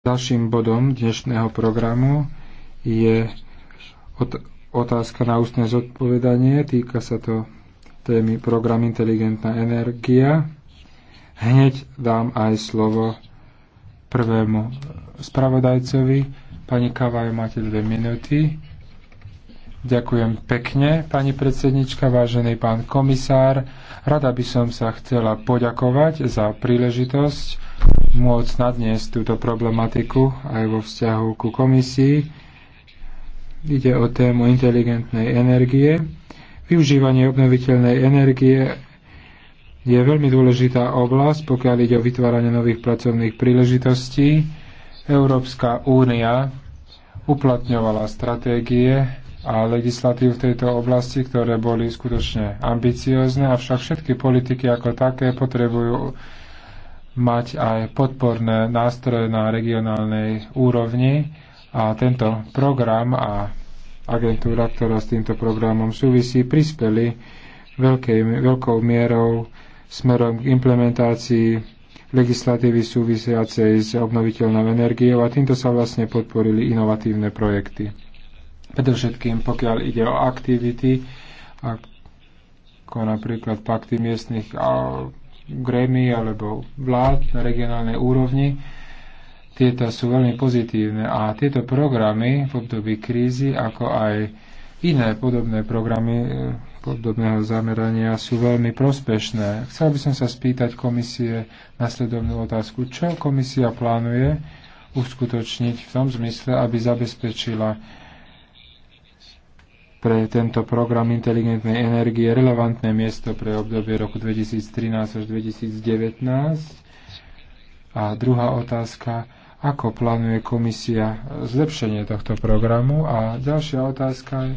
Ďalším bodom dnešného programu je otázka na ústne zodpovedanie. Týka sa to témy program Inteligentná energia. Hneď dám aj slovo prvému spravodajcovi. Pani Kavaj, máte dve minúty. Ďakujem pekne, pani predsednička, vážený pán komisár. Rada by som sa chcela poďakovať za príležitosť môcť nadniesť túto problematiku aj vo vzťahu ku komisii. Ide o tému inteligentnej energie. Využívanie obnoviteľnej energie je veľmi dôležitá oblasť, pokiaľ ide o vytváranie nových pracovných príležitostí. Európska únia uplatňovala stratégie a legislatív v tejto oblasti, ktoré boli skutočne ambiciózne, avšak všetky politiky ako také potrebujú mať aj podporné nástroje na regionálnej úrovni a tento program a agentúra, ktorá s týmto programom súvisí, prispeli veľkej, veľkou mierou smerom k implementácii legislatívy súvisiacej s obnoviteľnou energiou a týmto sa vlastne podporili inovatívne projekty predovšetkým pokiaľ ide o aktivity, ako napríklad pakty miestnych grémy alebo vlád na regionálnej úrovni. Tieto sú veľmi pozitívne a tieto programy v období krízy, ako aj iné podobné programy e, podobného zamerania sú veľmi prospešné. Chcel by som sa spýtať komisie nasledovnú otázku. Čo komisia plánuje uskutočniť v tom zmysle, aby zabezpečila pre tento program inteligentnej energie relevantné miesto pre obdobie roku 2013 až 2019. A druhá otázka, ako plánuje komisia zlepšenie tohto programu? A ďalšia otázka je,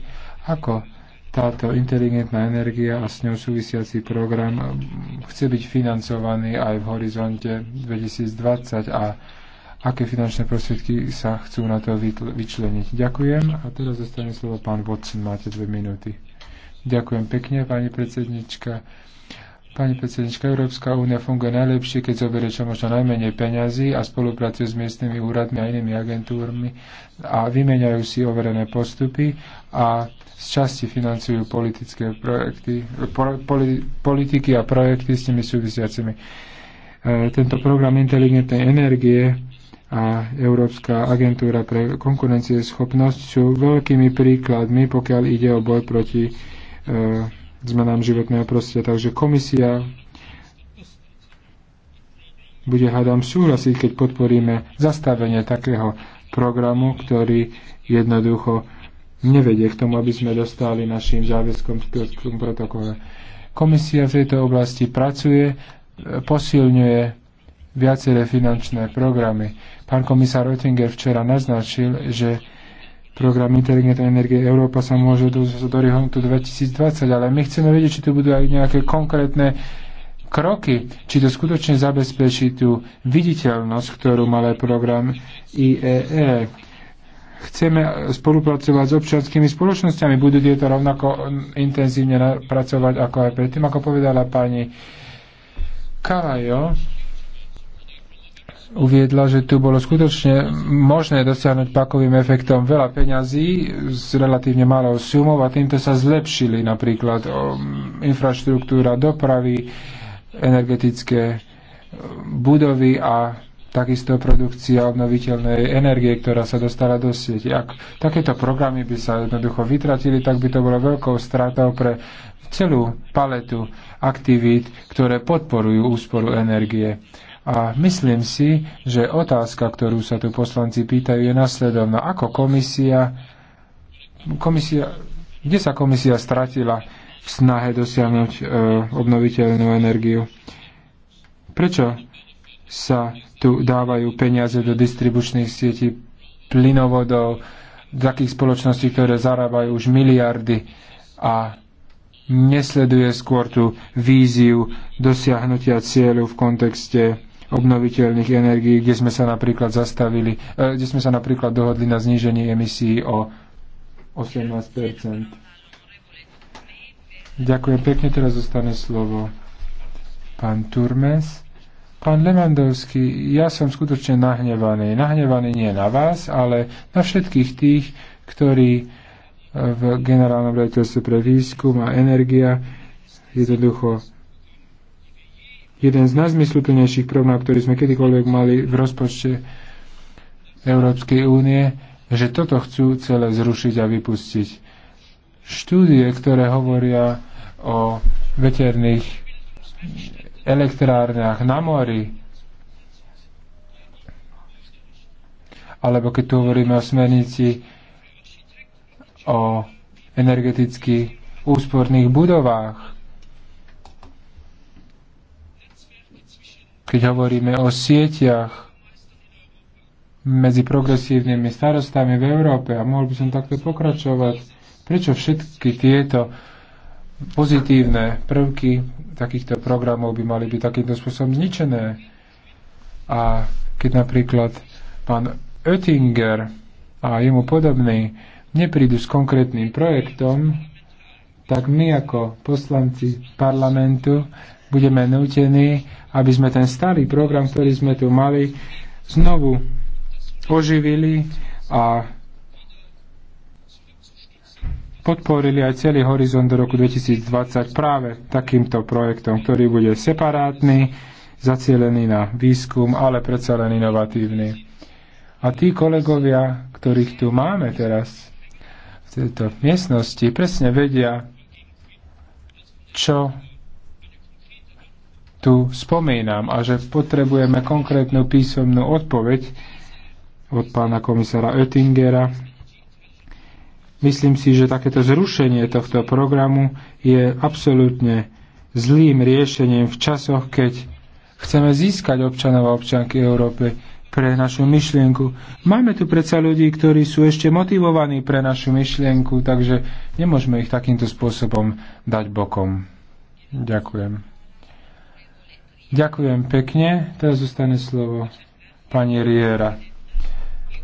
ako táto inteligentná energia a s ňou súvisiaci program chce byť financovaný aj v horizonte 2020 a aké finančné prostriedky sa chcú na to vyčleniť. Ďakujem a teraz zostane slovo pán Watson, máte dve minúty. Ďakujem pekne, pani predsednička. Pani predsednička, Európska únia funguje najlepšie, keď zoberie čo možno najmenej peňazí a spolupracuje s miestnymi úradmi a inými agentúrmi a vymeniajú si overené postupy a z časti financujú politické projekty, poli, politiky a projekty s nimi súvisiacimi. E, tento program inteligentnej energie a Európska agentúra pre schopnosť sú veľkými príkladmi, pokiaľ ide o boj proti e, zmenám životného prostredia. Takže komisia bude, hádam, súhlasiť, keď podporíme zastavenie takého programu, ktorý jednoducho nevedie k tomu, aby sme dostali našim záväzkom v protokole. Komisia v tejto oblasti pracuje, e, posilňuje viaceré finančné programy. Pán komisár Oettinger včera naznačil, že program Inteligentnej energie Európa sa môže dostať do horizontu 2020, ale my chceme vedieť, či tu budú aj nejaké konkrétne kroky, či to skutočne zabezpečí tú viditeľnosť, ktorú mal aj program IEE. E. Chceme spolupracovať s občianskými spoločnosťami, budú tieto rovnako intenzívne pracovať ako aj predtým, ako povedala pani Kalajo uviedla, že tu bolo skutočne možné dosiahnuť pakovým efektom veľa peňazí s relatívne malou sumou a týmto sa zlepšili napríklad infraštruktúra dopravy, energetické e, budovy a takisto produkcia obnoviteľnej energie, ktorá sa dostala do sieť. Ak takéto programy by sa jednoducho vytratili, tak by to bolo veľkou stratou pre celú paletu aktivít, ktoré podporujú úsporu energie. A myslím si, že otázka, ktorú sa tu poslanci pýtajú, je nasledovná. Ako komisia, komisia kde sa komisia stratila v snahe dosiahnuť e, obnoviteľnú energiu? Prečo sa tu dávajú peniaze do distribučných sietí plynovodov, takých spoločností, ktoré zarábajú už miliardy a nesleduje skôr tú víziu dosiahnutia cieľu v kontexte obnoviteľných energií, kde sme sa napríklad zastavili, e, kde sme sa napríklad dohodli na znížení emisí o 18 Ďakujem pekne, teraz zostane slovo pán Turmes. Pán Lewandowski, ja som skutočne nahnevaný. Nahnevaný nie na vás, ale na všetkých tých, ktorí e, v generálnom riaditeľstve pre výskum a energia jednoducho jeden z najzmysluplnejších krok, na ktorý sme kedykoľvek mali v rozpočte Európskej únie, že toto chcú celé zrušiť a vypustiť. Štúdie, ktoré hovoria o veterných elektrárniach na mori, alebo keď tu hovoríme o smernici o energeticky úsporných budovách, keď hovoríme o sieťach medzi progresívnymi starostami v Európe, a mohol by som takto pokračovať, prečo všetky tieto pozitívne prvky takýchto programov by mali byť takýmto spôsobom zničené. A keď napríklad pán Oettinger a jemu podobný neprídu s konkrétnym projektom, tak my ako poslanci parlamentu budeme nútení aby sme ten starý program, ktorý sme tu mali, znovu oživili a podporili aj celý horizont do roku 2020 práve takýmto projektom, ktorý bude separátny, zacielený na výskum, ale predsa len inovatívny. A tí kolegovia, ktorých tu máme teraz v tejto miestnosti, presne vedia, čo tu spomínam a že potrebujeme konkrétnu písomnú odpoveď od pána komisára Oettingera. Myslím si, že takéto zrušenie tohto programu je absolútne zlým riešením v časoch, keď chceme získať občanov a občanky Európy pre našu myšlienku. Máme tu predsa ľudí, ktorí sú ešte motivovaní pre našu myšlienku, takže nemôžeme ich takýmto spôsobom dať bokom. Ďakujem. Ďakujem pekne. Teraz zostane slovo pani Riera.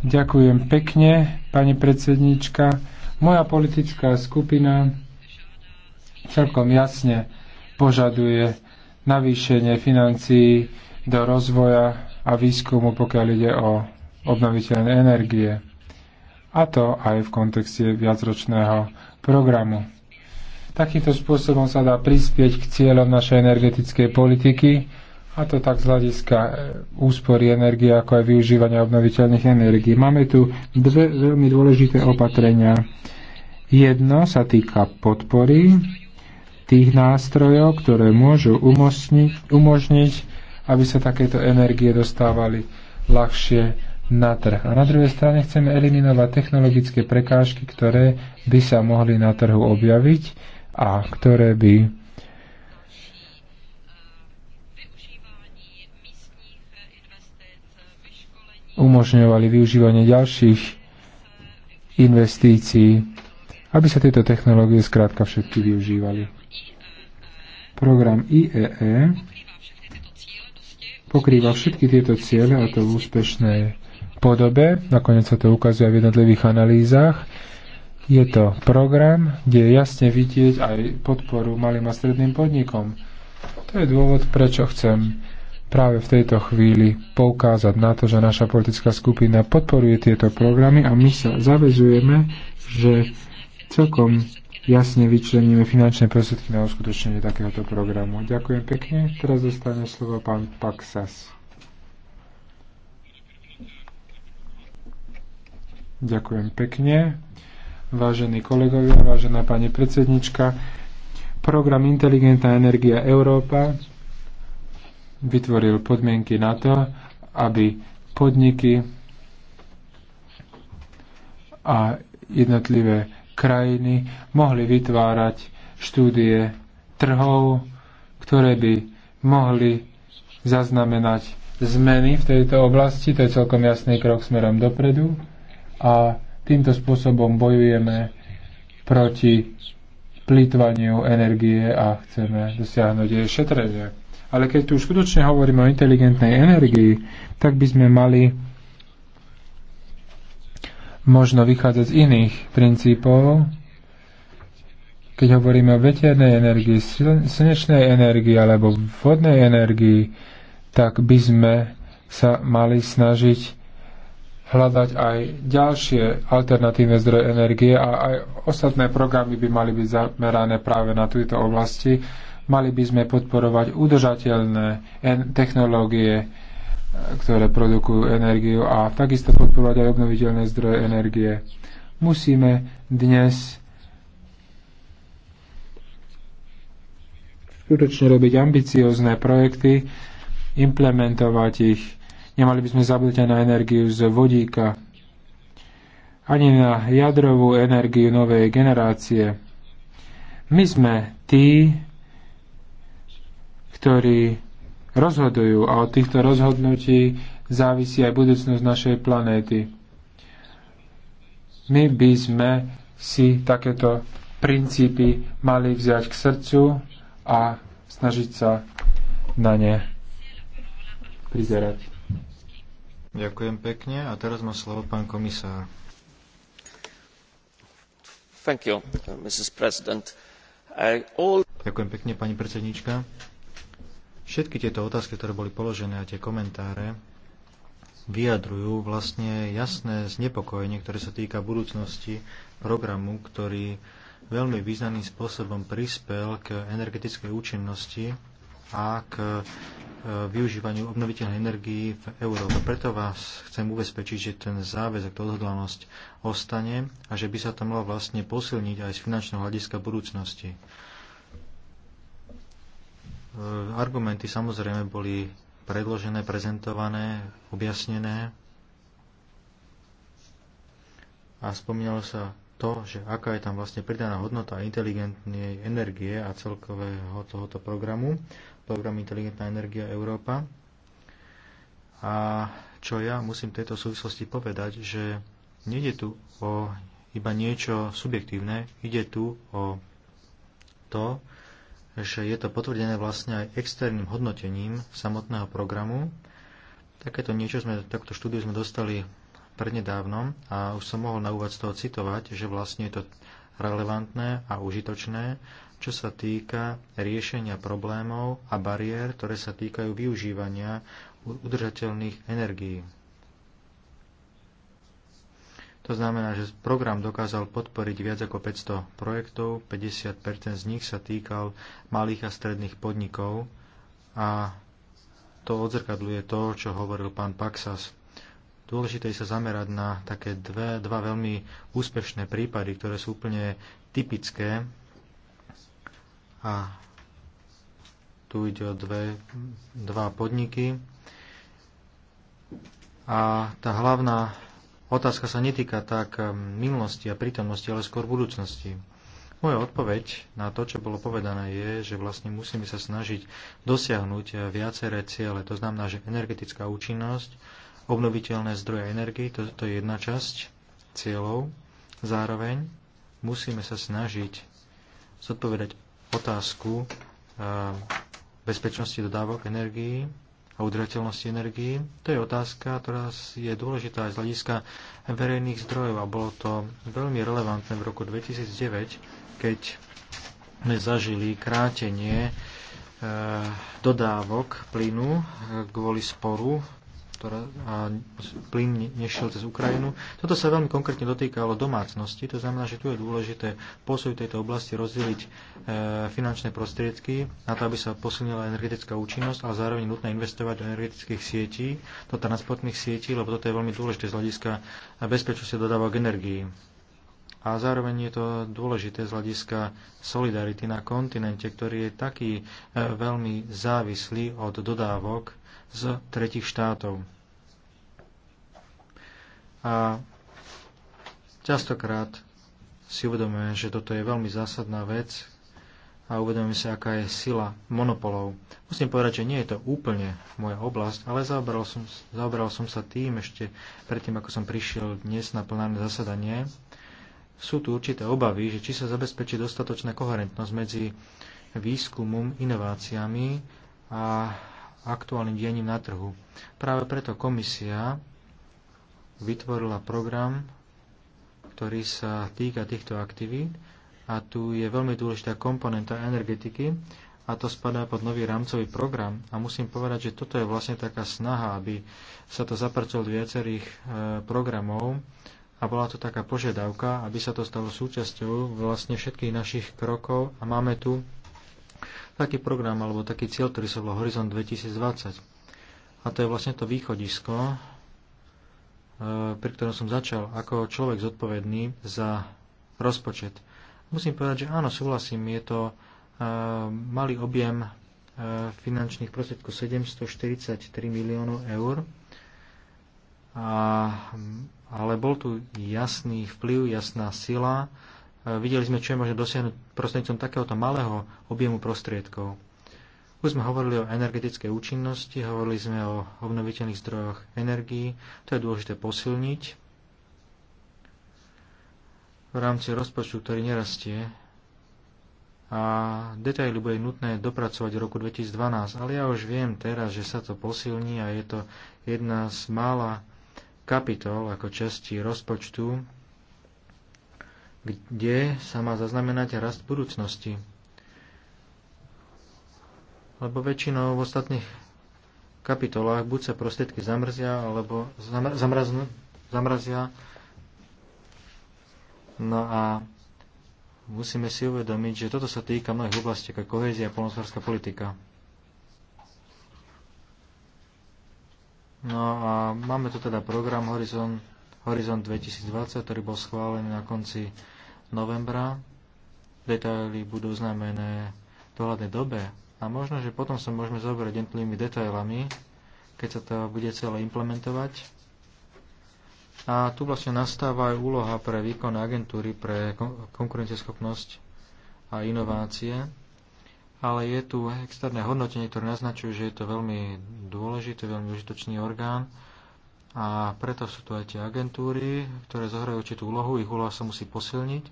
Ďakujem pekne, pani predsednička. Moja politická skupina celkom jasne požaduje navýšenie financií do rozvoja a výskumu, pokiaľ ide o obnoviteľné energie. A to aj v kontexte viacročného programu. Takýmto spôsobom sa dá prispieť k cieľom našej energetickej politiky, a to tak z hľadiska e, úspory energie, ako aj využívania obnoviteľných energií. Máme tu dve veľmi dôležité opatrenia. Jedno sa týka podpory tých nástrojov, ktoré môžu umožniť, umožniť, aby sa takéto energie dostávali ľahšie na trh. A na druhej strane chceme eliminovať technologické prekážky, ktoré by sa mohli na trhu objaviť a ktoré by umožňovali využívanie ďalších investícií, aby sa tieto technológie zkrátka všetky využívali. Program IEE e pokrýva všetky tieto ciele a to v úspešnej podobe. Nakoniec sa to ukazuje v jednotlivých analýzach. Je to program, kde je jasne vidieť aj podporu malým a stredným podnikom. To je dôvod, prečo chcem práve v tejto chvíli poukázať na to, že naša politická skupina podporuje tieto programy a my sa zavezujeme, že celkom jasne vyčleníme finančné prostriedky na uskutočnenie takéhoto programu. Ďakujem pekne. Teraz dostane slovo pán Paksas. Ďakujem pekne vážení kolegovia, vážená pani predsednička. Program Inteligentná energia Európa vytvoril podmienky na to, aby podniky a jednotlivé krajiny mohli vytvárať štúdie trhov, ktoré by mohli zaznamenať zmeny v tejto oblasti. To je celkom jasný krok smerom dopredu. A Týmto spôsobom bojujeme proti plýtvaniu energie a chceme dosiahnuť jej šetrenie. Ale keď tu skutočne hovoríme o inteligentnej energii, tak by sme mali možno vychádzať z iných princípov, keď hovoríme o veternej energii, slnečnej energii alebo vodnej energii, tak by sme sa mali snažiť hľadať aj ďalšie alternatívne zdroje energie a aj ostatné programy by mali byť zamerané práve na tejto oblasti. Mali by sme podporovať udržateľné technológie, e, ktoré produkujú energiu a takisto podporovať aj obnoviteľné zdroje energie. Musíme dnes skutočne robiť ambiciozne projekty, implementovať ich Nemali by sme zabudnúť na energiu z vodíka, ani na jadrovú energiu novej generácie. My sme tí, ktorí rozhodujú a od týchto rozhodnutí závisí aj budúcnosť našej planéty. My by sme si takéto princípy mali vziať k srdcu a snažiť sa na ne prizerať. Ďakujem pekne. A teraz má slovo pán komisár. Thank you, Mrs. President. I all... Ďakujem pekne, pani predsednička. Všetky tieto otázky, ktoré boli položené a tie komentáre vyjadrujú vlastne jasné znepokojenie, ktoré sa týka budúcnosti programu, ktorý veľmi významným spôsobom prispel k energetickej účinnosti a k E, využívaniu obnoviteľnej energií v Európe. Preto vás chcem ubezpečiť, že ten záväzok, tá odhodlanosť ostane a že by sa to malo vlastne posilniť aj z finančného hľadiska budúcnosti. E, argumenty samozrejme boli predložené, prezentované, objasnené a spomínalo sa to, že aká je tam vlastne pridaná hodnota inteligentnej energie a celkového tohoto programu program Inteligentná energia Európa. A čo ja musím v tejto súvislosti povedať, že nejde tu o iba niečo subjektívne, ide tu o to, že je to potvrdené vlastne aj externým hodnotením samotného programu. Takéto niečo sme, takúto štúdiu sme dostali prednedávnom a už som mohol na úvod z toho citovať, že vlastne je to relevantné a užitočné čo sa týka riešenia problémov a bariér, ktoré sa týkajú využívania udržateľných energií. To znamená, že program dokázal podporiť viac ako 500 projektov, 50 z nich sa týkal malých a stredných podnikov a to odzrkadluje to, čo hovoril pán Paxas. Dôležité je sa zamerať na také dve, dva veľmi úspešné prípady, ktoré sú úplne typické a tu ide o dve, dva podniky. A tá hlavná otázka sa netýka tak um, minulosti a prítomnosti, ale skôr budúcnosti. Moja odpoveď na to, čo bolo povedané, je, že vlastne musíme sa snažiť dosiahnuť viaceré ciele. To znamená, že energetická účinnosť, obnoviteľné zdroje energii, to, to je jedna časť cieľov. Zároveň musíme sa snažiť zodpovedať otázku eh, bezpečnosti dodávok energií a udržateľnosti energií. To je otázka, ktorá je dôležitá aj z hľadiska verejných zdrojov a bolo to veľmi relevantné v roku 2009, keď sme zažili krátenie eh, dodávok plynu eh, kvôli sporu ktorá, a plyn nešiel cez Ukrajinu. Toto sa veľmi konkrétne dotýkalo domácnosti, to znamená, že tu je dôležité posúť tejto oblasti rozdeliť e, finančné prostriedky na to, aby sa posilnila energetická účinnosť, ale zároveň nutné investovať do energetických sietí, do transportných sietí, lebo toto je veľmi dôležité z hľadiska bezpečnosti dodávok energii. a zároveň je to dôležité z hľadiska solidarity na kontinente, ktorý je taký e, veľmi závislý od dodávok z tretich štátov. A častokrát si uvedomujeme, že toto je veľmi zásadná vec a uvedomujeme sa, aká je sila monopolov. Musím povedať, že nie je to úplne moja oblasť, ale zaoberal som, zaoberal som sa tým ešte predtým, ako som prišiel dnes na plenárne zasadanie. Sú tu určité obavy, že či sa zabezpečí dostatočná koherentnosť medzi výskumom, inováciami a aktuálnym dianím na trhu. Práve preto komisia vytvorila program, ktorý sa týka týchto aktivít a tu je veľmi dôležitá komponenta energetiky a to spadá pod nový rámcový program a musím povedať, že toto je vlastne taká snaha, aby sa to zapracovalo do viacerých e, programov a bola to taká požiadavka, aby sa to stalo súčasťou vlastne všetkých našich krokov a máme tu taký program alebo taký cieľ, ktorý sa volá Horizon 2020. A to je vlastne to východisko, e, pri ktorom som začal ako človek zodpovedný za rozpočet. Musím povedať, že áno, súhlasím, je to e, malý objem e, finančných prostriedkov 743 miliónov eur, a, ale bol tu jasný vplyv, jasná sila, videli sme, čo je možné dosiahnuť prostredníctvom takéhoto malého objemu prostriedkov. Už sme hovorili o energetickej účinnosti, hovorili sme o obnoviteľných zdrojoch energií, to je dôležité posilniť v rámci rozpočtu, ktorý nerastie. A detaily bude nutné dopracovať v roku 2012, ale ja už viem teraz, že sa to posilní a je to jedna z mála kapitol ako časti rozpočtu, kde sa má zaznamenať rast budúcnosti. Lebo väčšinou v ostatných kapitolách buď sa prostriedky zamrzia, alebo zamr- zamrazia. No a musíme si uvedomiť, že toto sa týka mnohých oblastí ako kohézia a polnospodárska politika. No a máme tu teda program Horizon Horizont 2020, ktorý bol schválený na konci novembra. Detaily budú znamené v dohľadnej dobe a možno, že potom sa môžeme zaoberať jednotlivými detailami, keď sa to bude celé implementovať. A tu vlastne nastáva aj úloha pre výkon agentúry pre konkurencieschopnosť a inovácie ale je tu externé hodnotenie, ktoré naznačuje, že je to veľmi dôležitý, veľmi užitočný orgán a preto sú tu aj tie agentúry, ktoré zohrajú určitú úlohu, ich úloha sa musí posilniť.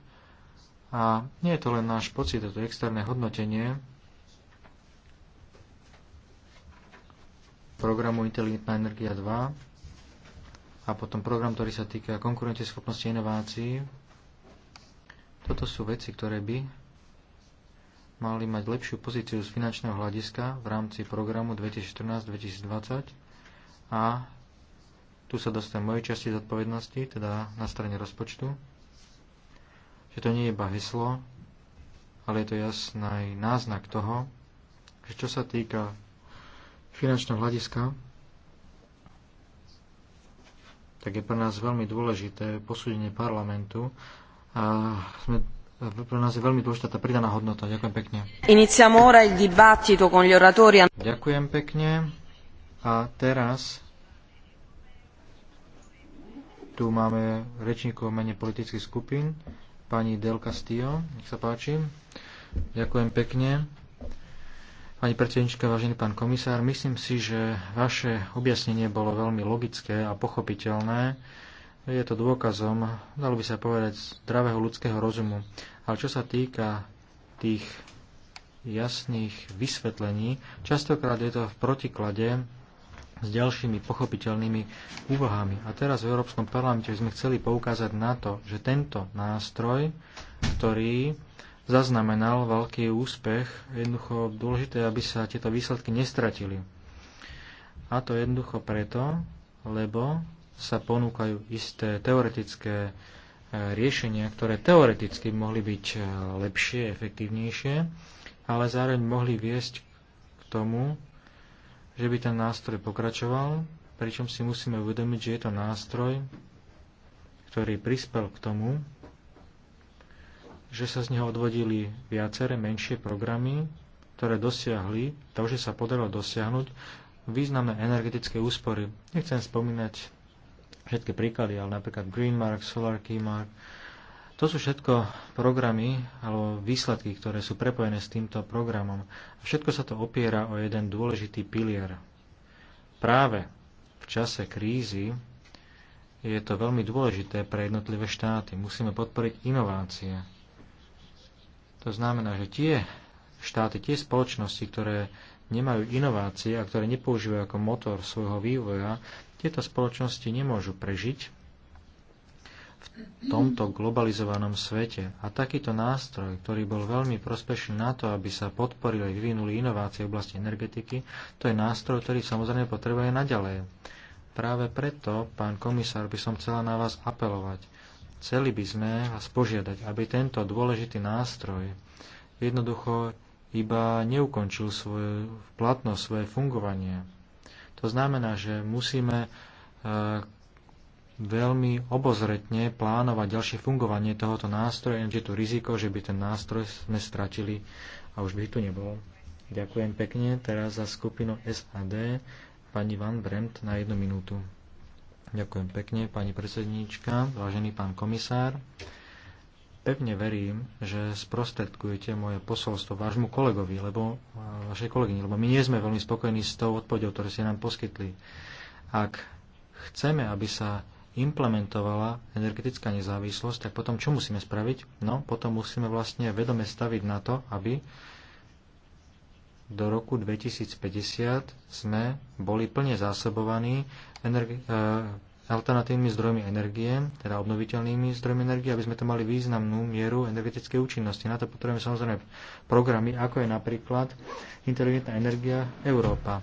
A nie je to len náš pocit, je to externé hodnotenie programu Inteligentná energia 2 a potom program, ktorý sa týka konkurenteschopnosti inovácií. Toto sú veci, ktoré by mali mať lepšiu pozíciu z finančného hľadiska v rámci programu 2014-2020 a tu sa dostanem mojej časti zodpovednosti, teda na strane rozpočtu, že to nie je iba heslo, ale je to jasný náznak toho, že čo sa týka finančného hľadiska, tak je pre nás veľmi dôležité posúdenie parlamentu a sme pre nás je veľmi dôležitá tá pridaná hodnota. Ďakujem pekne. ora il dibattito con gli oratori. Ďakujem pekne. A teraz tu máme rečníkov mene politických skupín. Pani Del Castillo, nech sa páči. Ďakujem pekne. Pani predsednička, vážený pán komisár, myslím si, že vaše objasnenie bolo veľmi logické a pochopiteľné. Je to dôkazom, dalo by sa povedať, zdravého ľudského rozumu. Ale čo sa týka tých jasných vysvetlení, častokrát je to v protiklade s ďalšími pochopiteľnými úvahami. A teraz v Európskom parlamente sme chceli poukázať na to, že tento nástroj, ktorý zaznamenal veľký úspech, jednoducho dôležité, aby sa tieto výsledky nestratili. A to jednoducho preto, lebo sa ponúkajú isté teoretické e, riešenia, ktoré teoreticky mohli byť e, lepšie, efektívnejšie, ale zároveň mohli viesť k tomu, že by ten nástroj pokračoval, pričom si musíme uvedomiť, že je to nástroj, ktorý prispel k tomu, že sa z neho odvodili viaceré menšie programy, ktoré dosiahli to, že sa podarilo dosiahnuť významné energetické úspory. Nechcem spomínať všetky príklady, ale napríklad Greenmark, Solar Keymark, to sú všetko programy alebo výsledky, ktoré sú prepojené s týmto programom. A všetko sa to opiera o jeden dôležitý pilier. Práve v čase krízy je to veľmi dôležité pre jednotlivé štáty. Musíme podporiť inovácie. To znamená, že tie štáty, tie spoločnosti, ktoré nemajú inovácie a ktoré nepoužívajú ako motor svojho vývoja, tieto spoločnosti nemôžu prežiť tomto globalizovanom svete. A takýto nástroj, ktorý bol veľmi prospešný na to, aby sa podporili, vyvinuli inovácie v oblasti energetiky, to je nástroj, ktorý samozrejme potrebuje naďalej. Práve preto, pán komisár, by som chcela na vás apelovať. Chceli by sme vás požiadať, aby tento dôležitý nástroj jednoducho iba neukončil svoju platnosť, svoje fungovanie. To znamená, že musíme e, veľmi obozretne plánovať ďalšie fungovanie tohoto nástroja, je tu riziko, že by ten nástroj sme stratili a už by tu nebol. Ďakujem pekne. Teraz za skupinu SAD pani Van Bremt na jednu minútu. Ďakujem pekne, pani predsedníčka, vážený pán komisár. Pevne verím, že sprostredkujete moje posolstvo vášmu kolegovi, lebo vašej kolegyni, lebo my nie sme veľmi spokojní s tou odpovedou, ktorú ste nám poskytli. Ak chceme, aby sa implementovala energetická nezávislosť, tak potom čo musíme spraviť? No, potom musíme vlastne vedome staviť na to, aby do roku 2050 sme boli plne zásobovaní energi- e, alternatívnymi zdrojmi energie, teda obnoviteľnými zdrojmi energie, aby sme to mali významnú mieru energetickej účinnosti. Na to potrebujeme samozrejme programy, ako je napríklad inteligentná energia Európa.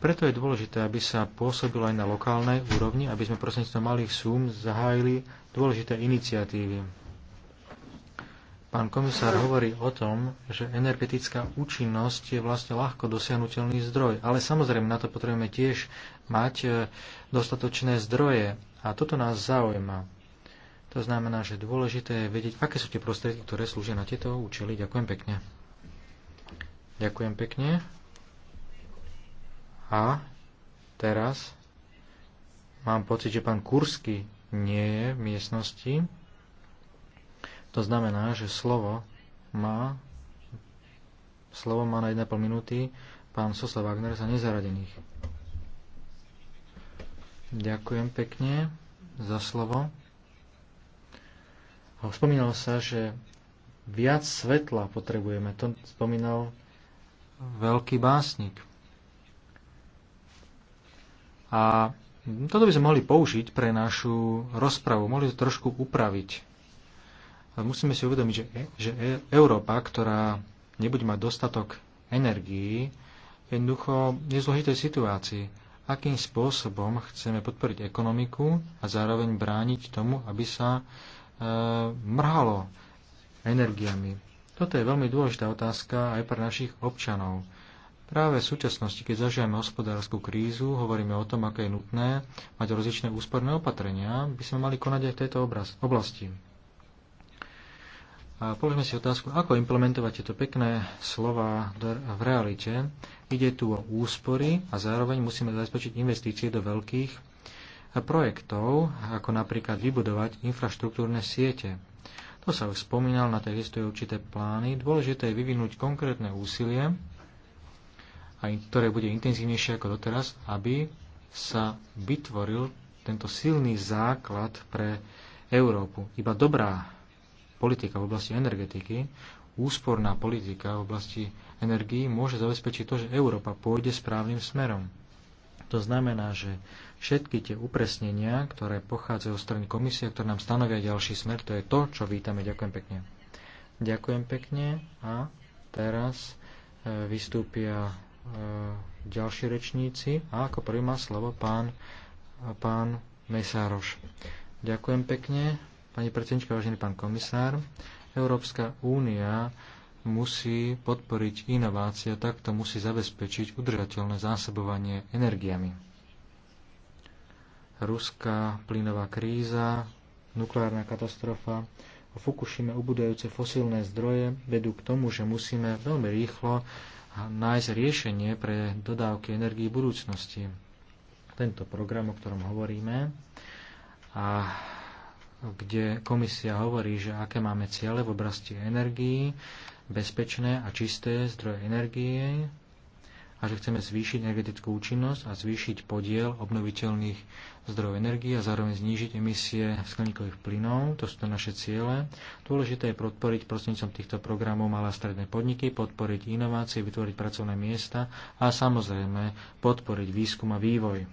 Preto je dôležité, aby sa pôsobilo aj na lokálnej úrovni, aby sme prostredníctvom malých súm zahájili dôležité iniciatívy. Pán komisár hovorí o tom, že energetická účinnosť je vlastne ľahko dosiahnutelný zdroj, ale samozrejme na to potrebujeme tiež mať e, dostatočné zdroje a toto nás zaujíma. To znamená, že dôležité je vedieť, aké sú tie prostriedky, ktoré slúžia na tieto účely. Ďakujem pekne. Ďakujem pekne. A teraz mám pocit, že pán Kursky nie je v miestnosti. To znamená, že slovo má slovo má na 1,5 minúty pán Sosa Wagner za nezaradených. Ďakujem pekne za slovo. Spomínalo sa, že viac svetla potrebujeme. To spomínal veľký básnik. A toto by sme mohli použiť pre našu rozpravu, mohli to trošku upraviť. Ale musíme si uvedomiť, že, e, že e, Európa, ktorá nebude mať dostatok energií, jednoducho je v zložitej situácii. Akým spôsobom chceme podporiť ekonomiku a zároveň brániť tomu, aby sa e, mrhalo energiami. Toto je veľmi dôležitá otázka aj pre našich občanov. Práve v súčasnosti, keď zažívame hospodárskú krízu, hovoríme o tom, aké je nutné mať rozličné úsporné opatrenia, by sme mali konať aj v tejto oblasti. A položme si otázku, ako implementovať tieto pekné slova v realite. Ide tu o úspory a zároveň musíme zabezpečiť investície do veľkých projektov, ako napríklad vybudovať infraštruktúrne siete. To sa už spomínal, na to existujú určité plány. Dôležité je vyvinúť konkrétne úsilie a ktoré bude intenzívnejšie ako doteraz, aby sa vytvoril tento silný základ pre Európu. Iba dobrá politika v oblasti energetiky, úsporná politika v oblasti energií môže zabezpečiť to, že Európa pôjde správnym smerom. To znamená, že všetky tie upresnenia, ktoré pochádzajú z strany komisie, ktoré nám stanovia ďalší smer, to je to, čo vítame. Ďakujem pekne. Ďakujem pekne a teraz e, vystúpia E, ďalší rečníci a ako prvý má slovo pán, pán Mesároš. Ďakujem pekne, pani predsednička, vážený pán komisár. Európska únia musí podporiť inovácie, takto musí zabezpečiť udržateľné zásobovanie energiami. Ruská plynová kríza, nukleárna katastrofa, o Fukushime ubudajúce fosílne zdroje vedú k tomu, že musíme veľmi rýchlo nájsť riešenie pre dodávky energii v budúcnosti. Tento program, o ktorom hovoríme, a kde komisia hovorí, že aké máme ciele v oblasti energií, bezpečné a čisté zdroje energie, a že chceme zvýšiť energetickú účinnosť a zvýšiť podiel obnoviteľných zdrojov energie a zároveň znížiť emisie skleníkových plynov. To sú to naše ciele. Dôležité je podporiť prostrednícom týchto programov malé a stredné podniky, podporiť inovácie, vytvoriť pracovné miesta a samozrejme podporiť výskum a vývoj.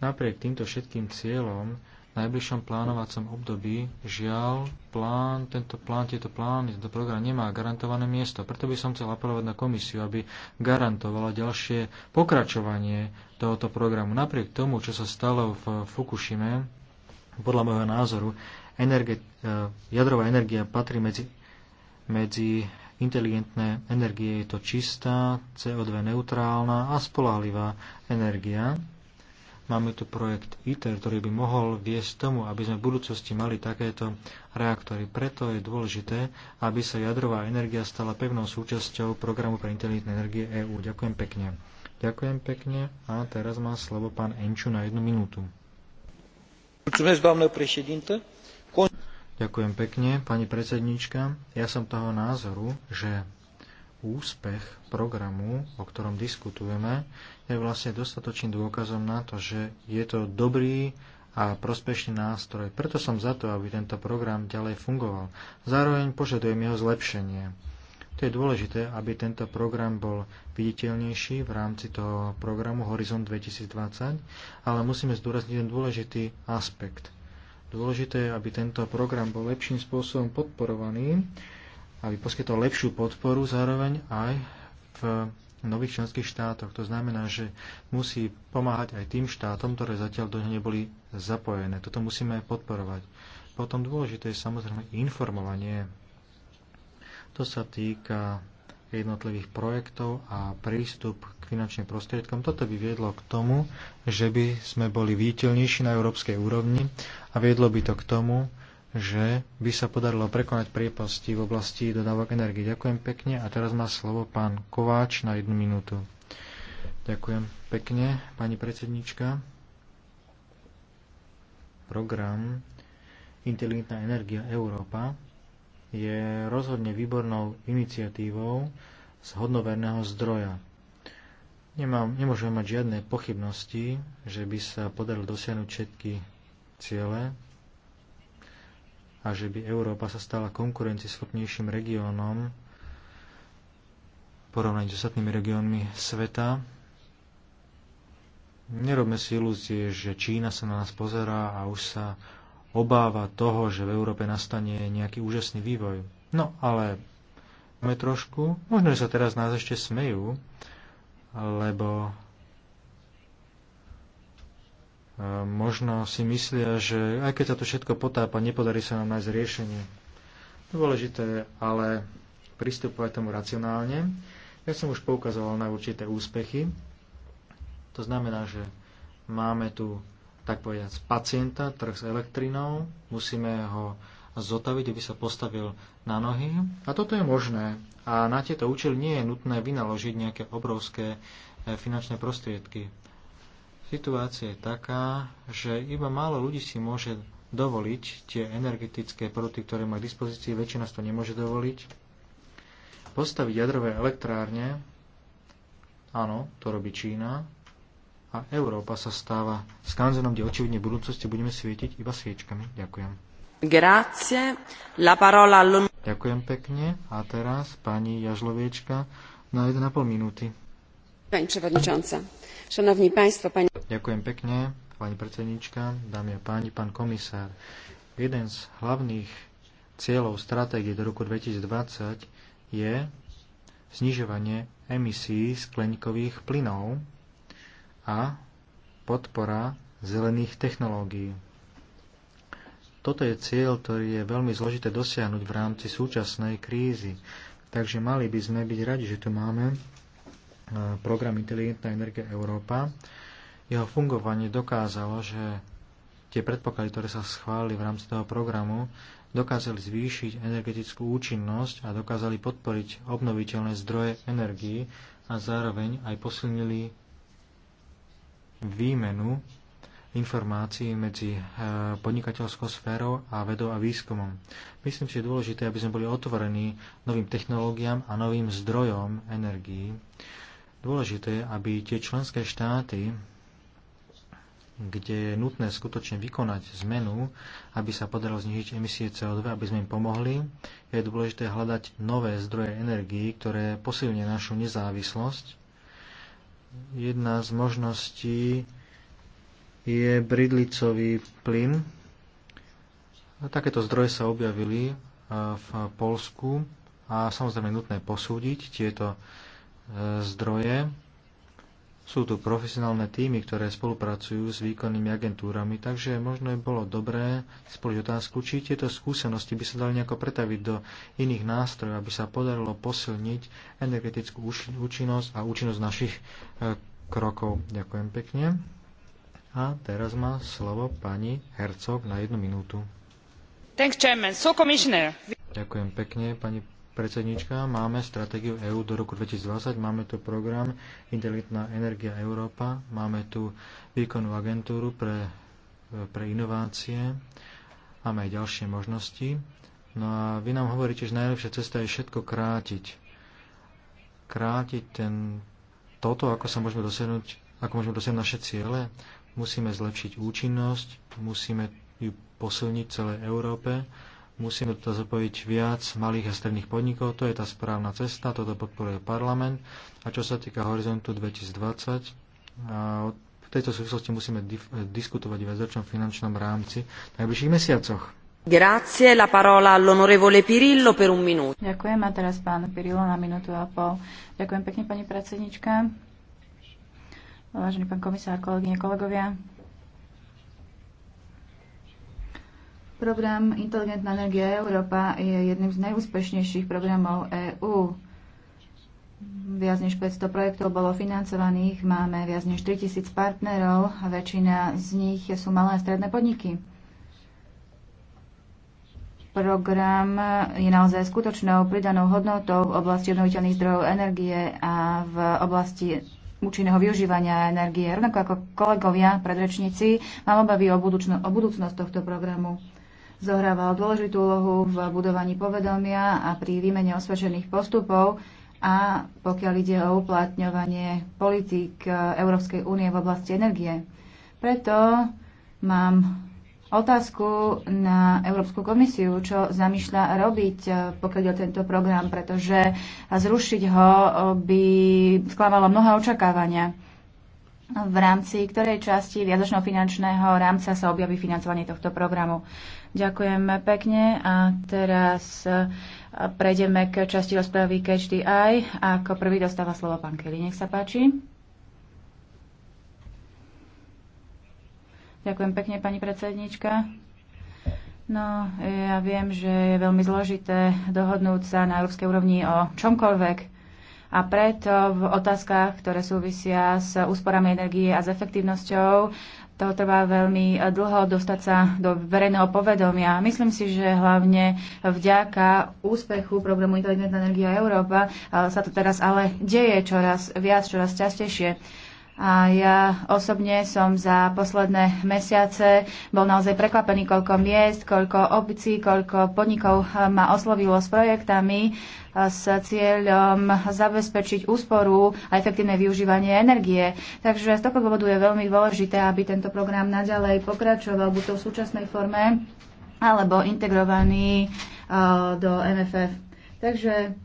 Napriek týmto všetkým cieľom najbližšom plánovacom období. Žiaľ, plán, tento plán, tieto plány, tento program nemá garantované miesto. Preto by som chcel apelovať na komisiu, aby garantovala ďalšie pokračovanie tohoto programu. Napriek tomu, čo sa stalo v Fukushime, podľa môjho názoru, energie, eh, jadrová energia patrí medzi, medzi inteligentné energie. Je to čistá, CO2 neutrálna a spolahlivá energia. Máme tu projekt ITER, ktorý by mohol viesť tomu, aby sme v budúcnosti mali takéto reaktory. Preto je dôležité, aby sa jadrová energia stala pevnou súčasťou programu pre inteligentné energie EÚ. Ďakujem pekne. Ďakujem pekne a teraz má slovo pán Enču na jednu minútu. Ďakujem pekne, pani predsednička. Ja som toho názoru, že úspech programu, o ktorom diskutujeme, je vlastne dostatočným dôkazom na to, že je to dobrý a prospešný nástroj. Preto som za to, aby tento program ďalej fungoval. Zároveň požadujem jeho zlepšenie. To je dôležité, aby tento program bol viditeľnejší v rámci toho programu Horizon 2020, ale musíme zdôrazniť ten dôležitý aspekt. Dôležité je, aby tento program bol lepším spôsobom podporovaný, aby poskytol lepšiu podporu zároveň aj v nových členských štátoch. To znamená, že musí pomáhať aj tým štátom, ktoré zatiaľ do neho neboli zapojené. Toto musíme podporovať. Potom dôležité je samozrejme informovanie. To sa týka jednotlivých projektov a prístup k finančným prostriedkom. Toto by viedlo k tomu, že by sme boli výtelnejší na európskej úrovni a viedlo by to k tomu, že by sa podarilo prekonať priepasti v oblasti dodávok energie. Ďakujem pekne a teraz má slovo pán Kováč na jednu minútu. Ďakujem pekne, pani predsednička. Program Inteligentná energia Európa je rozhodne výbornou iniciatívou z hodnoverného zdroja. Nemám, nemôžeme mať žiadne pochybnosti, že by sa podarilo dosiahnuť všetky ciele a že by Európa sa stala konkurencieschopnejším regiónom porovnaní s ostatnými regiónmi sveta. Nerobme si ilúzie, že Čína sa na nás pozerá a už sa obáva toho, že v Európe nastane nejaký úžasný vývoj. No ale máme trošku, možno, že sa teraz nás ešte smejú, lebo možno si myslia, že aj keď sa to všetko potápa, nepodarí sa nám nájsť riešenie. Dôležité ale pristupovať tomu racionálne. Ja som už poukazoval na určité úspechy. To znamená, že máme tu, tak povedať, pacienta, trh s elektrinou, musíme ho zotaviť, aby sa postavil na nohy. A toto je možné. A na tieto účely nie je nutné vynaložiť nejaké obrovské eh, finančné prostriedky. Situácia je taká, že iba málo ľudí si môže dovoliť tie energetické produkty, ktoré má k dispozícii, väčšina si to nemôže dovoliť. Postaviť jadrové elektrárne, áno, to robí Čína, a Európa sa stáva skanzenom, kde očividne v budúcnosti budeme svietiť iba sviečkami. Ďakujem. Grazie. La parola Ďakujem pekne. A teraz pani Jažloviečka na 1,5 minúty. Pani przewodnicząca, Ďakujem pekne, pani dámy a páni, pán komisár. Jeden z hlavných cieľov stratégie do roku 2020 je znižovanie emisí skleníkových plynov a podpora zelených technológií. Toto je cieľ, ktorý je veľmi zložité dosiahnuť v rámci súčasnej krízy, takže mali by sme byť radi, že tu máme program Inteligentná energia Európa. Jeho fungovanie dokázalo, že tie predpoklady, ktoré sa schválili v rámci toho programu, dokázali zvýšiť energetickú účinnosť a dokázali podporiť obnoviteľné zdroje energií a zároveň aj posilnili výmenu informácií medzi e, podnikateľskou sférou a vedou a výskumom. Myslím, že je dôležité, aby sme boli otvorení novým technológiám a novým zdrojom energií. Dôležité aby tie členské štáty, kde je nutné skutočne vykonať zmenu, aby sa podarilo znižiť emisie CO2, aby sme im pomohli, je dôležité hľadať nové zdroje energií, ktoré posilnia našu nezávislosť. Jedna z možností je bridlicový plyn. Takéto zdroje sa objavili v Polsku a samozrejme nutné posúdiť tieto zdroje. Sú tu profesionálne týmy, ktoré spolupracujú s výkonnými agentúrami, takže možno by bolo dobré spoliť otázku, či tieto skúsenosti by sa dali nejako pretaviť do iných nástrojov, aby sa podarilo posilniť energetickú účinnosť a účinnosť našich e, krokov. Ďakujem pekne. A teraz má slovo pani Hercog na jednu minútu. Thanks, Chairman. So, Commissioner. Ďakujem pekne, pani predsednička. Máme stratégiu EÚ do roku 2020, máme tu program Inteligentná energia Európa, máme tu výkonnú agentúru pre, pre inovácie, máme aj ďalšie možnosti. No a vy nám hovoríte, že najlepšia cesta je všetko krátiť. Krátiť ten, toto, ako sa môžeme dosiahnuť, ako môžeme dosiahnuť naše ciele. Musíme zlepšiť účinnosť, musíme ju posilniť v celej Európe Musíme to zapojiť viac malých a stredných podnikov, to je tá správna cesta, toto podporuje parlament. A čo sa týka horizontu 2020, v tejto súvislosti musíme diskutovať v väzročnom finančnom rámci v najbližších mesiacoch. Grazie, la parola all'onorevole Pirillo per un minuto. Ďakujem a teraz pán Pirillo na minútu a pol. Ďakujem pekne, pani predsednička. Vážený pán komisár, kolegyne, kolegovia. Program Inteligentná energia Európa je jedným z najúspešnejších programov EÚ. Viac než 500 projektov bolo financovaných, máme viac než 3000 partnerov a väčšina z nich sú malé a stredné podniky. Program je naozaj skutočnou pridanou hodnotou v oblasti obnoviteľných zdrojov energie a v oblasti účinného využívania energie. Rovnako ako kolegovia, predrečníci, mám obavy o, budúčno, o budúcnosť tohto programu zohrával dôležitú úlohu v budovaní povedomia a pri výmene osvedčených postupov a pokiaľ ide o uplatňovanie politík e, Európskej únie v oblasti energie. Preto mám otázku na Európsku komisiu, čo zamýšľa robiť, e, pokiaľ ide o tento program, pretože zrušiť ho e, by sklamalo mnohé očakávania v rámci ktorej časti viadočno-finančného rámca sa objaví financovanie tohto programu. Ďakujem pekne a teraz e, prejdeme k časti rozprávy Catch the Eye. Ako prvý dostáva slovo pán Kelly. Nech sa páči. Ďakujem pekne, pani predsednička. No, ja viem, že je veľmi zložité dohodnúť sa na európskej úrovni o čomkoľvek, a preto v otázkach, ktoré súvisia s úsporami energie a s efektívnosťou, to trvá veľmi dlho dostať sa do verejného povedomia. Myslím si, že hlavne vďaka úspechu programu Inteligentná energia Európa sa to teraz ale deje čoraz viac, čoraz častejšie. A ja osobne som za posledné mesiace bol naozaj prekvapený, koľko miest, koľko obcí, koľko podnikov eh, ma oslovilo s projektami eh, s cieľom zabezpečiť úsporu a efektívne využívanie energie. Takže z toho dôvodu je veľmi dôležité, aby tento program naďalej pokračoval, buď to v súčasnej forme, alebo integrovaný eh, do MFF. Takže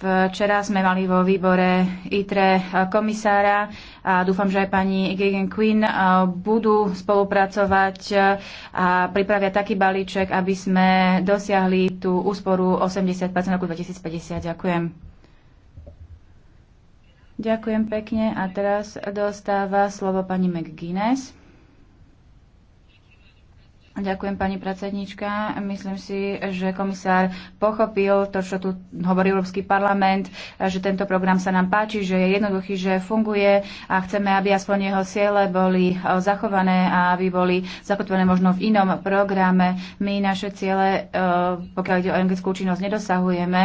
Včera sme mali vo výbore ITRE komisára a dúfam, že aj pani Gigan Quinn eh, budú spolupracovať eh, a pripravia taký balíček, aby sme dosiahli tú úsporu 80% roku 2050. Ďakujem. Ďakujem pekne a teraz dostáva slovo pani McGuinness. Ďakujem, pani predsednička. Myslím si, že komisár pochopil to, čo tu hovorí Európsky parlament, že tento program sa nám páči, že je jednoduchý, že funguje a chceme, aby aspoň jeho ciele boli eh, zachované a aby boli zakotvené možno v inom programe. My naše ciele, eh, pokiaľ ide o energetickú účinnosť, nedosahujeme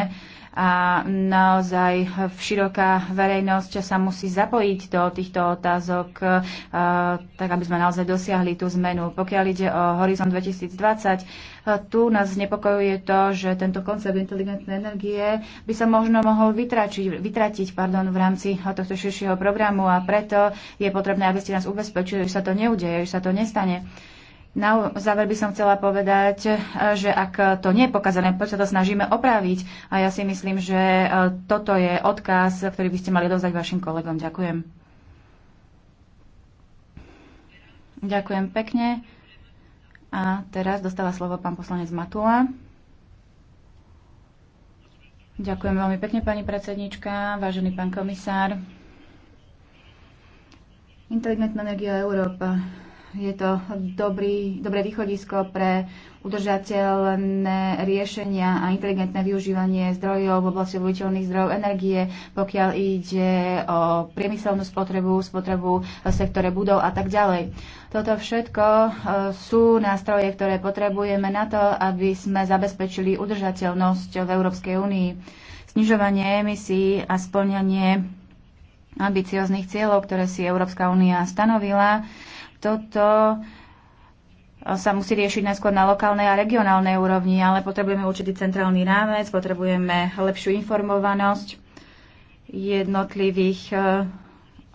a naozaj široká verejnosť sa musí zapojiť do týchto otázok, e, tak aby sme naozaj dosiahli tú zmenu. Pokiaľ ide o Horizon 2020, e, tu nás znepokojuje to, že tento koncept inteligentnej energie by sa možno mohol vytračiť, vytratiť pardon, v rámci tohto širšieho programu a preto je potrebné, aby ste nás ubezpečili, že sa to neudeje, že sa to nestane. Na záver by som chcela povedať, eh, že ak to nie je pokazané, prečo sa to snažíme opraviť. A ja si myslím, že eh, toto je odkaz, ktorý by ste mali dozvať vašim kolegom. Ďakujem. Ďakujem pekne. A teraz dostáva slovo pán poslanec Matula. Ďakujem veľmi pekne, pani predsednička, vážený pán komisár. Inteligentná energia Európa je to dobrý, dobré východisko pre udržateľné riešenia a inteligentné využívanie zdrojov v oblasti obnoviteľných zdrojov energie, pokiaľ ide o priemyselnú spotrebu, spotrebu v sektore budov a tak ďalej. Toto všetko e, sú nástroje, ktoré potrebujeme na to, aby sme zabezpečili udržateľnosť v Európskej únii. Snižovanie emisí a splňanie ambicióznych cieľov, ktoré si Európska únia stanovila, toto sa musí riešiť najskôr na lokálnej a regionálnej úrovni, ale potrebujeme určitý centrálny rámec, potrebujeme lepšiu informovanosť jednotlivých e,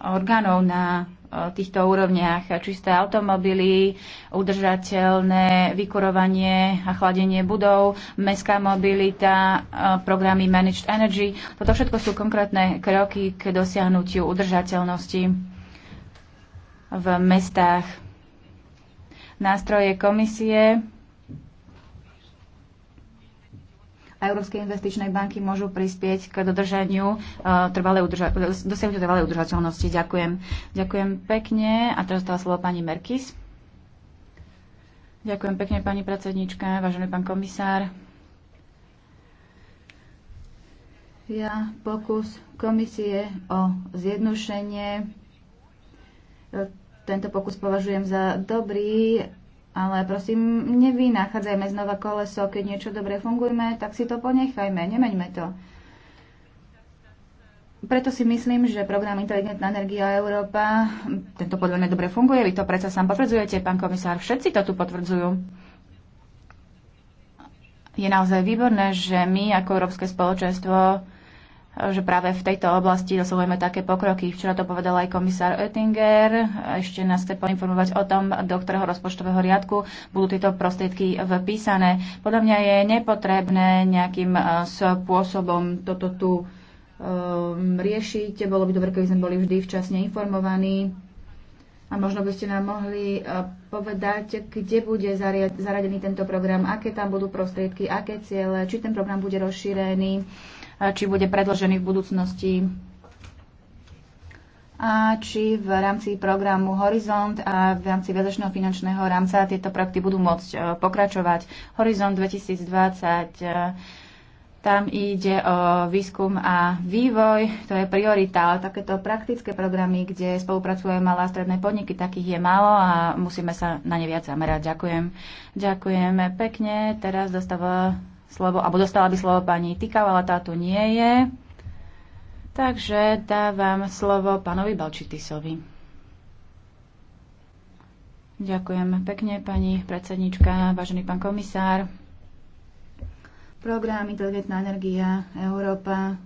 orgánov na e, týchto úrovniach. Čisté automobily, udržateľné vykurovanie a chladenie budov, mestská mobilita, e, programy Managed Energy. Toto všetko sú konkrétne kroky k dosiahnutiu udržateľnosti v mestách. Nástroje komisie a Európskej investičnej banky môžu prispieť k dodržaniu uh, trvalej udržateľnosti. Ďakujem. Ďakujem pekne. A teraz dostala slovo pani Merkis. Ďakujem pekne, pani predsednička, vážený pán komisár. Ja pokus komisie o zjednušenie. Tento pokus považujem za dobrý, ale prosím, nevynachádzajme znova koleso. Keď niečo dobre fungujeme, tak si to ponechajme, nemeňme to. Preto si myslím, že program Inteligentná energia Európa, tento podľa mňa dobre funguje, vy to predsa sám potvrdzujete, pán komisár, všetci to tu potvrdzujú. Je naozaj výborné, že my ako Európske spoločenstvo že práve v tejto oblasti dosahujeme také pokroky. Včera to povedal aj komisár Oettinger. Ešte nás chce poinformovať o tom, do ktorého rozpočtového riadku budú tieto prostriedky vpísané. Podľa mňa je nepotrebné nejakým e, spôsobom toto tu um, riešiť. Bolo by dobre, keby sme boli vždy včasne informovaní a možno by ste nám mohli e, povedať, kde bude zaradený tento program, aké tam budú prostriedky, aké ciele, či ten program bude rozšírený, či bude predložený v budúcnosti a či v rámci programu Horizont a v rámci väzečného finančného rámca tieto projekty budú môcť e, pokračovať. Horizont 2020 tam ide o výskum a vývoj, to je priorita, ale takéto praktické programy, kde spolupracujú malé a stredné podniky, takých je málo a musíme sa na ne viac zamerať. Ďakujem. Ďakujeme pekne. Teraz dostáva slovo, alebo dostala by slovo pani Tikau, ale tá tu nie je. Takže dávam slovo pánovi Balčitisovi. Ďakujem pekne, pani predsednička, vážený pán komisár. Program Inteligentná energia Európa,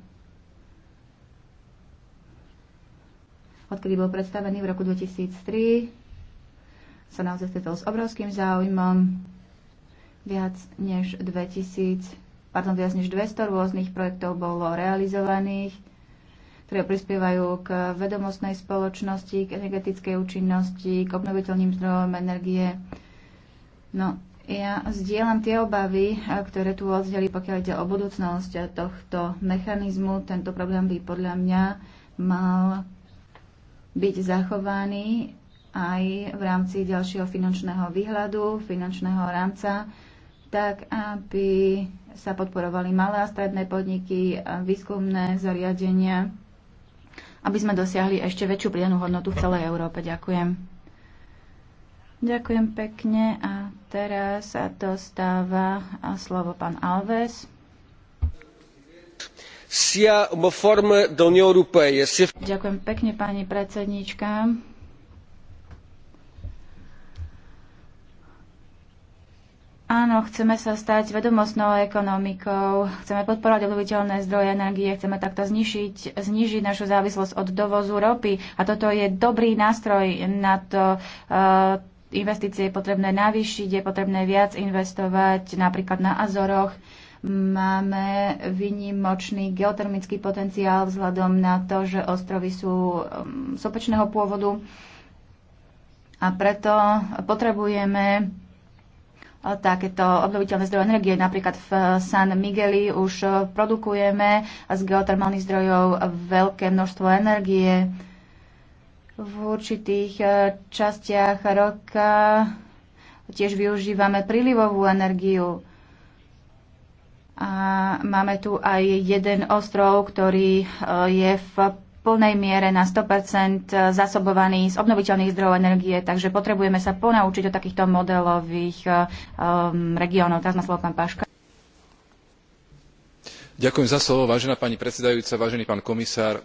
odkedy bol predstavený v roku 2003, sa naozaj stretol s obrovským záujmom. Viac než 2000, pardon, viac než 200 rôznych projektov bolo realizovaných, ktoré prispievajú k vedomostnej spoločnosti, k energetickej účinnosti, k obnoviteľným zdrojom energie. No, ja zdieľam tie obavy, e, ktoré tu odzdeli, pokiaľ ide o budúcnosť tohto mechanizmu. Tento problém by podľa mňa mal byť zachovaný aj v rámci ďalšieho finančného výhľadu, finančného rámca, tak aby sa podporovali malé a stredné podniky, e, výskumné zariadenia, aby sme dosiahli ešte väčšiu pridanú hodnotu v celej Európe. Ďakujem. Ďakujem pekne a teraz sa dostáva slovo pán Alves. Ďakujem pekne, pani predsedníčka. Áno, chceme sa stať vedomostnou ekonomikou, chceme podporovať obnoviteľné zdroje energie, chceme takto znižiť, znižiť našu závislosť od dovozu ropy. A toto je dobrý nástroj na to, uh, investície je potrebné navýšiť, je potrebné viac investovať napríklad na Azoroch. Máme vynimočný geotermický potenciál vzhľadom na to, že ostrovy sú um, sopečného pôvodu a preto potrebujeme uh, takéto obnoviteľné zdroje energie. Napríklad v uh, San Migueli už uh, produkujeme z geotermálnych zdrojov veľké množstvo energie v určitých e, častiach roka tiež využívame prílivovú energiu. A máme tu aj jeden ostrov, ktorý e, je v plnej miere na 100% zasobovaný z obnoviteľných zdrojov energie, takže potrebujeme sa ponaučiť o takýchto modelových um, regiónov. Teraz má slovo pán Paška. Ďakujem za slovo, vážená pani predsedajúca, vážený pán komisár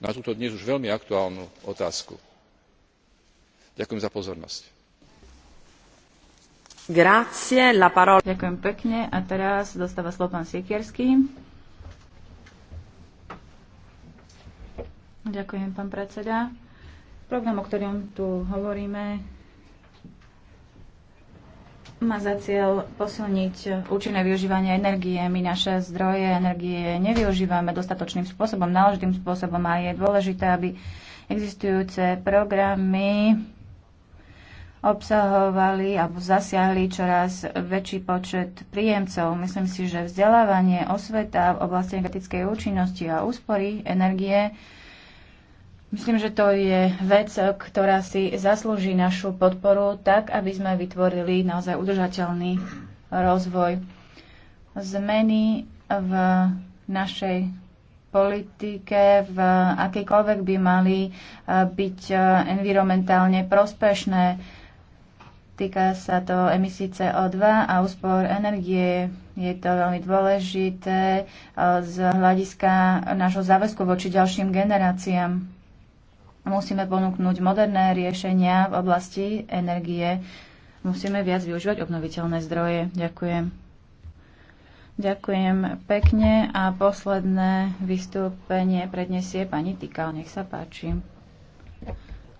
na túto dnes už veľmi aktuálnu otázku. ďakujem za pozornosť. Ďakujem pekne a teraz dostáva slovo pán Siekierský. Ďakujem, pán predseda. Program, o ktorom tu hovoríme, má za cieľ posilniť účinné využívanie energie. My naše zdroje energie nevyužívame dostatočným spôsobom, náležitým spôsobom a je dôležité, aby existujúce programy obsahovali alebo zasiahli čoraz väčší počet príjemcov. Myslím si, že vzdelávanie, osveta v oblasti energetickej účinnosti a úspory energie Myslím, že to je vec, ktorá si zaslúži našu podporu tak, aby sme vytvorili naozaj udržateľný rozvoj. Zmeny v našej politike, v akejkoľvek by mali eh, byť eh, environmentálne prospešné. Týka sa to emisí CO2 a úspor energie. Je to veľmi dôležité eh, z hľadiska nášho záväzku voči ďalším generáciám. Musíme ponúknuť moderné riešenia v oblasti energie. Musíme viac využívať obnoviteľné zdroje. Ďakujem. Ďakujem pekne a posledné vystúpenie predniesie pani Tikal. Nech sa páči.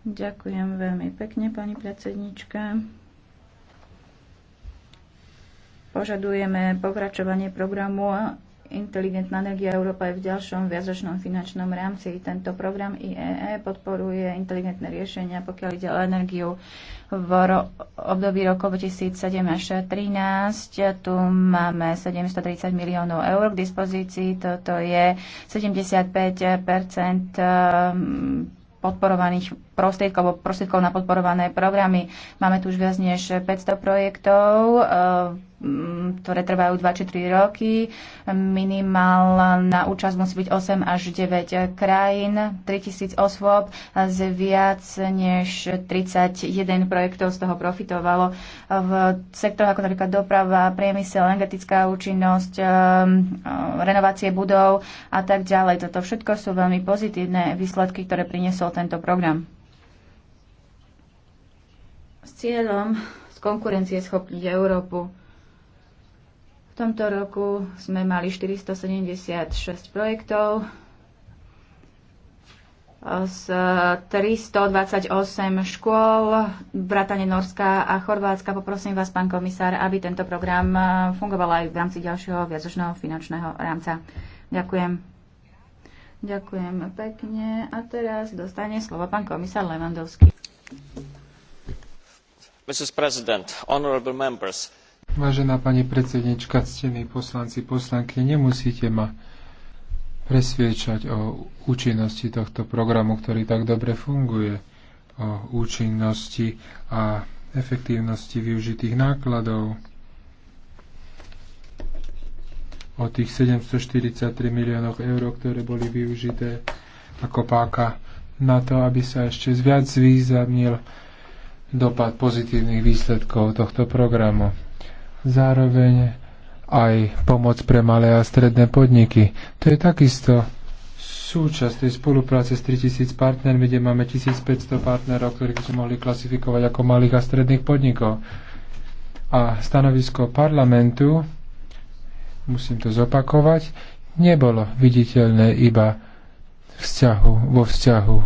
Ďakujem veľmi pekne, pani predsednička. Požadujeme pokračovanie programu Inteligentná energia Európa je v ďalšom viacročnom finančnom rámci. Tento program IEE e podporuje inteligentné riešenia, pokiaľ ide o energiu v ro- období rokov 2007 až 2013. Tu máme 730 miliónov eur k dispozícii. Toto je 75 ehm, podporovaných prostriedkov alebo prostriedkov na podporované programy. Máme tu už viac než 500 projektov, e, ktoré trvajú 2 či 3 roky. Minimálna účasť musí byť 8 až 9 krajín, 3000 osôb z viac než 31 projektov z toho profitovalo. V sektoroch ako napríklad doprava, priemysel, energetická účinnosť, e, e, renovácie budov a tak ďalej. Toto všetko sú veľmi pozitívne výsledky, ktoré priniesol tento program s cieľom z konkurencie schopniť Európu. V tomto roku sme mali 476 projektov z 328 škôl, bratane Norska a Chorvátska. Poprosím vás, pán komisár, aby tento program eh, fungoval aj v rámci ďalšieho viacočného finančného rámca. Ďakujem. Ďakujem pekne. A teraz dostane slovo pán komisár Levandovský. Vážená pani predsednička, ctení poslanci, poslanky, nemusíte ma presviečať o účinnosti tohto programu, ktorý tak dobre funguje, o účinnosti a efektívnosti využitých nákladov, o tých 743 miliónoch eur, ktoré boli využité ako páka na to, aby sa ešte viac zvýznamnil dopad pozitívnych výsledkov tohto programu. Zároveň aj pomoc pre malé a stredné podniky. To je takisto súčasť tej spolupráce s 3000 partnermi, kde máme 1500 partnerov, ktorých sme mohli klasifikovať ako malých a stredných podnikov. A stanovisko parlamentu, musím to zopakovať, nebolo viditeľné iba vzťahu, vo vzťahu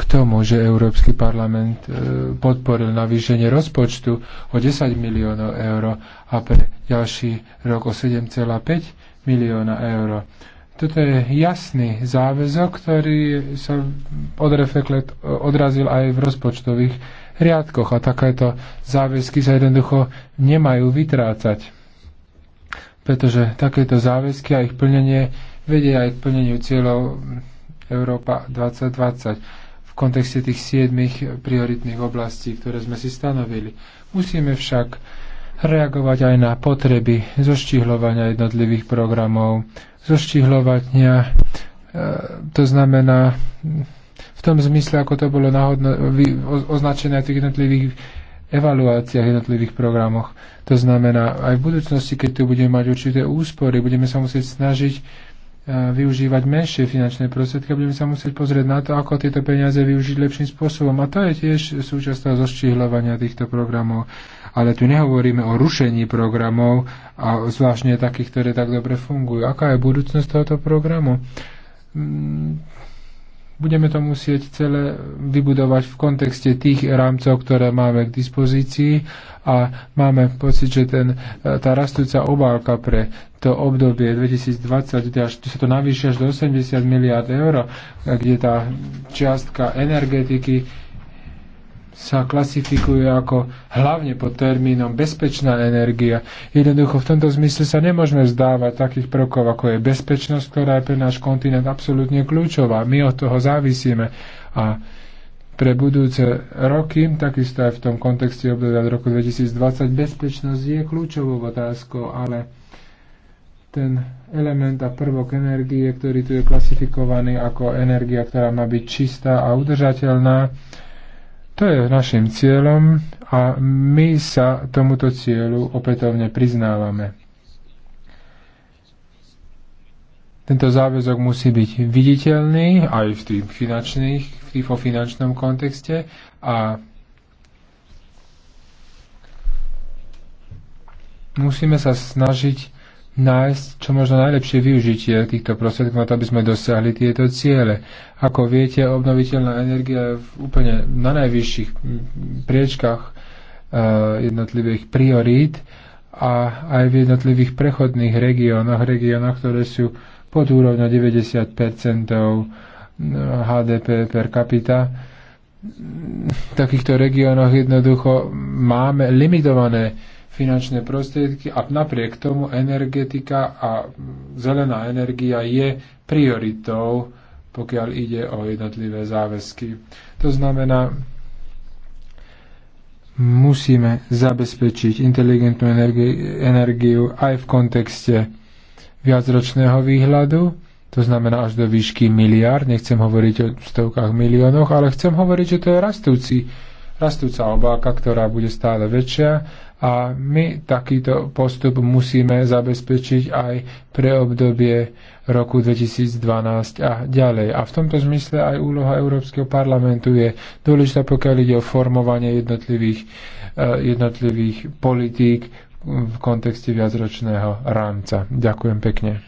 k tomu, že Európsky parlament e, podporil navýšenie rozpočtu o 10 miliónov eur a pre ďalší rok o 7,5 milióna eur. Toto je jasný záväzok, ktorý sa odrazil aj v rozpočtových riadkoch a takéto záväzky sa jednoducho nemajú vytrácať. Pretože takéto záväzky a ich plnenie vedie aj k plneniu cieľov Európa 2020 kontexte tých siedmých prioritných oblastí, ktoré sme si stanovili. Musíme však reagovať aj na potreby zoštihľovania jednotlivých programov, zoštihľovania, e, to znamená v tom zmysle, ako to bolo nahodno, označené v tých jednotlivých evaluáciách, jednotlivých programoch. To znamená, aj v budúcnosti, keď tu budeme mať určité úspory, budeme sa musieť snažiť E, využívať menšie finančné prostriedky, budeme sa musieť pozrieť na to, ako tieto peniaze využiť lepším spôsobom. A to je tiež súčasť toho zoštihľovania týchto programov. Ale tu nehovoríme o rušení programov, a zvláštne takých, ktoré tak dobre fungujú. Aká je budúcnosť tohoto programu? Mm, budeme to musieť celé vybudovať v kontexte tých rámcov, ktoré máme k dispozícii a máme pocit, že ten, e, tá rastúca obálka pre to obdobie 2020, kde, až, sa to navýšia až do 80 miliard eur, e, kde tá čiastka energetiky sa klasifikuje ako hlavne pod termínom bezpečná energia. Jednoducho v tomto zmysle sa nemôžeme vzdávať takých prvkov, ako je bezpečnosť, ktorá je pre náš kontinent absolútne kľúčová. My od toho závisíme a pre budúce roky, takisto aj v tom kontexte obdobia roku 2020, bezpečnosť je kľúčovou otázkou, ale ten element a prvok energie, ktorý tu je klasifikovaný ako energia, ktorá má byť čistá a udržateľná, to je našim cieľom a my sa tomuto cieľu opätovne priznávame. Tento záväzok musí byť viditeľný aj v tých finančných, v tých finančnom kontexte a musíme sa snažiť nájsť čo možno najlepšie využitie týchto prostriedkov na to, aby sme dosiahli tieto ciele. Ako viete, obnoviteľná energia je v úplne na najvyšších priečkách eh, jednotlivých priorít a aj v jednotlivých prechodných regiónoch, regiónoch, ktoré sú pod úrovňou 90 eh, HDP per capita. V takýchto regiónoch jednoducho máme limitované finančné prostriedky a napriek tomu energetika a zelená energia je prioritou, pokiaľ ide o jednotlivé záväzky. To znamená, musíme zabezpečiť inteligentnú energi- energiu aj v kontexte viacročného výhľadu, to znamená až do výšky miliard, nechcem hovoriť o stovkách miliónoch, ale chcem hovoriť, že to je rastúci, rastúca obáka, ktorá bude stále väčšia a my takýto postup musíme zabezpečiť aj pre obdobie roku 2012 a ďalej. A v tomto zmysle aj úloha Európskeho parlamentu je dôležitá, pokiaľ ide o formovanie jednotlivých, e, jednotlivých politík v kontexte viacročného rámca. Ďakujem pekne.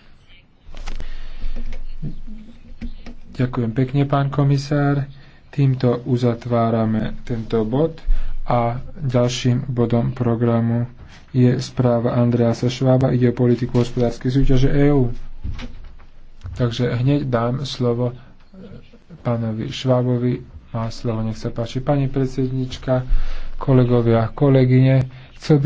Ďakujem pekne, pán komisár. Týmto uzatvárame tento bod. A ďalším bodom programu je správa Andreasa Švába, ide o politiku hospodárskej súťaže EÚ. Takže hneď dám slovo e, pánovi Švábovi. Má slovo, nech sa páči. Pani predsednička, kolegovia, kolegyne,